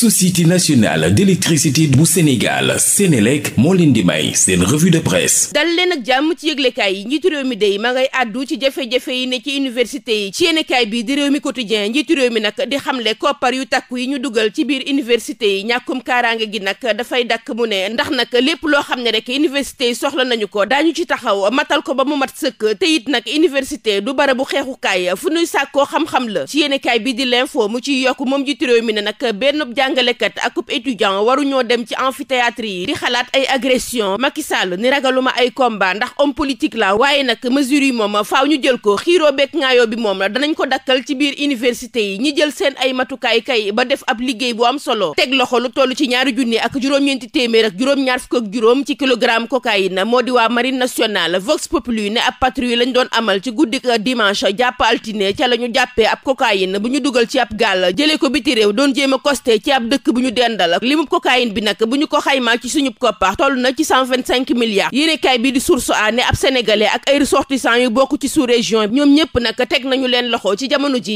société nationale d'électricité bu Sénégal Sénélec moo leen di may seen revue de presse dal leen jàmm ci yëglekaay yi njiitu réew mi day ma ngay àddu ci jafe-jafe yi ne ci université yi ci yéenekaay bi di réew mi quotidien njiitu réew mi nag di xamle koppar yu takku yi ñu dugal ci biir université yi ñàkkum kaaraange gi nag dafay dakk mu ne ndax nag lépp loo xam ne rek université yi soxla nañu ko daañu ci taxaw matal ko ba mu mat sëkk te n nag université du barabu xeexukaay fu nuy sàkkoo xam-xam la jàngalekat akub étudiant waruñoo dem ci amphithéâtre yi di xalaat ay agression Macky Sall ni ragaluma ay combat ndax homme politique la waaye nag mesure yi moom faaw ñu jël ko xiiroo beeg ŋaayoo bi moom la danañ ko dakkal ci biir université yi ñi jël seen ay matukaay kay ba def ab liggéey bu am solo teg loxo lu toll ci ñaari junni ak juróom-ñeenti téeméer ak juróom-ñaar fukk ak juróom ci kilogramme cocaïne moo di waa marine nationale Vox Populi ne ab patrouille doon amal ci guddi dimanche jàpp altine ca la ñu jàppee ab cocaïne bu ñu dugal ci ab gaal jëlee ko ab dëkk bu ñu dendal li mu cocaïne bi nag bu ñu ko xaymaa ci suñu koppar toll na ci cent vingt bi di source a ab sénégalais ak ay ressortissants yu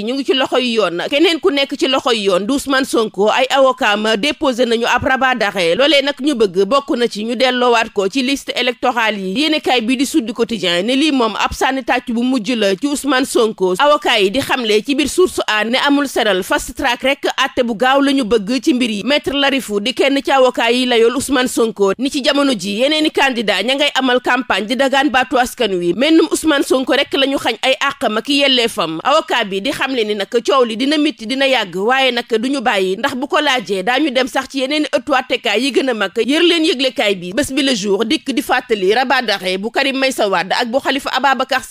ñu ngi ci loxo yu yoon keneen ku nekk ci loxo yu yoon Ousmane Sonko ay avocat déposé nañu ab rabat d'arrêt loolee ñu bëgg bokk na ci ñu delloowaat ko ci liste électorale yi yéenekaay bi di Sud Quotidien ne lii moom ab sànni tàcc bu mujj la ci Ousmane Sonko avocat yi di xamle ci biir source a dëgg ci mbir yi maître Larifou di kenn ci avocat yi layool Ousmane Sonko ni ci jamono ji yeneeni candidat ña amal campagne di dagaan baatu askan wi mennum Ousmane Sonko rek la ñu xañ ay àqam ak yelleefam avocat bi di xamle ni nag coow li dina mitti dina yàgg waaye nag du bàyyi ndax bu ko laajee daañu dem sax ci yeneeni ëttu àttekaay yi gën a mag yër leen yëglekaay bi bés bi le jour dikk di fàttali rabadaxe bu Karim Meïssa Wade ak bu Khalifa Ababacar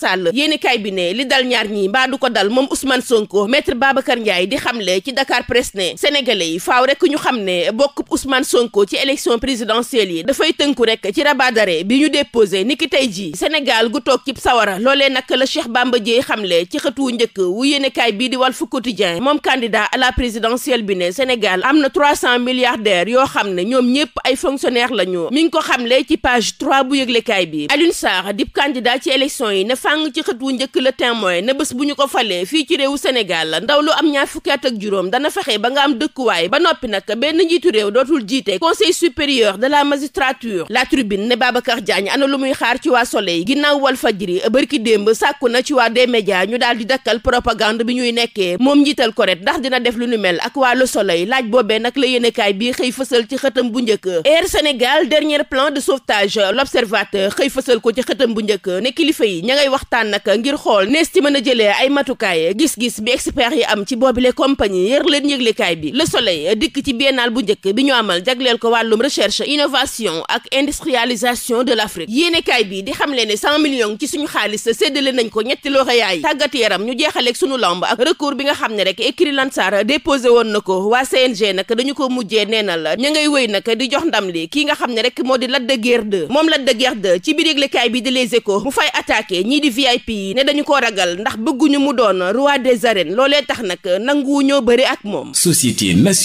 waaw rek ñu xam ne bokkub Ousmane Sonko ci élection présidentielle yi dafay tënku rek ci rabadare bi ñu déposé niki tey jii Sénégal gu toog ci sawara loole nag la Cheikh Bamba Dièye xamle ci xëtu njëkk wu yéenekaay bii di wal Walf Quotidien moom candidat à la présidentielle bi ne Sénégal am na trois cent milliardaires yoo xam ne ñoom ñëpp ay fonctionnaires lañu mi ngi ko xamle ci page trois bu yëglekaay bi Alioune Sarr dib candidat ci élection yi ne fàng ci xëtu njëkk la témoin ne bés bu ñu ko falee fii ci réewu Sénégal ndaw lu am ñaar fukki at dana fexe ba nga am dëkkuwaay ba noppi nag benn njiitu réew dootul jiite conseil supérieur de la magistrature la tribune ne Babacar Diagne ana lu muy xaar ci waa soleil ginnaaw wal fajri bërki démb sàkku na ci waa des ñu daal di dakkal propagande bi ñuy nekkee moom njiital koret ndax dina def lu nu mel ak waa le soleil laaj boobee nag la yéenekaay bi xëy fësal ci xëtam bu njëkk Air Sénégal dernier plan de sauvetage l'observateur xëy fësal ko ci xëtam bu njëkk ne kilifa yi ña ngay waxtaan nag ngir xool nees ci mën a jëlee ay matukaay gis-gis bi expert yi am ci boobile compagnie yër leen yëglekaay bi le soleil tey dikk ci biennale bu njëkk bi ñu amal jagleel ko wàllum recherche innovation ak industrialisation de l'Afrique yéenekaay bi di xamle ne cent million ci suñu xaalis séddale nañ ko ñetti lauréats yi tàggat yaram ñu jeexaleeg suñu lamb ak recours bi nga xam ne rek écrit Lansar déposé woon na ko waa CNG nag dañu ko mujjee neenal ña ngay wéy nag di jox ndam li kii nga xam ne rek moo di Lac de Guiers 2 moom Lac de ci biir yëglekaay bi di Les Échos mu fay attaqué ñii di VIP yi ne dañu ko ragal ndax bëgguñu mu doon roi des arènes loolee tax nag nanguwu bëri ak moom société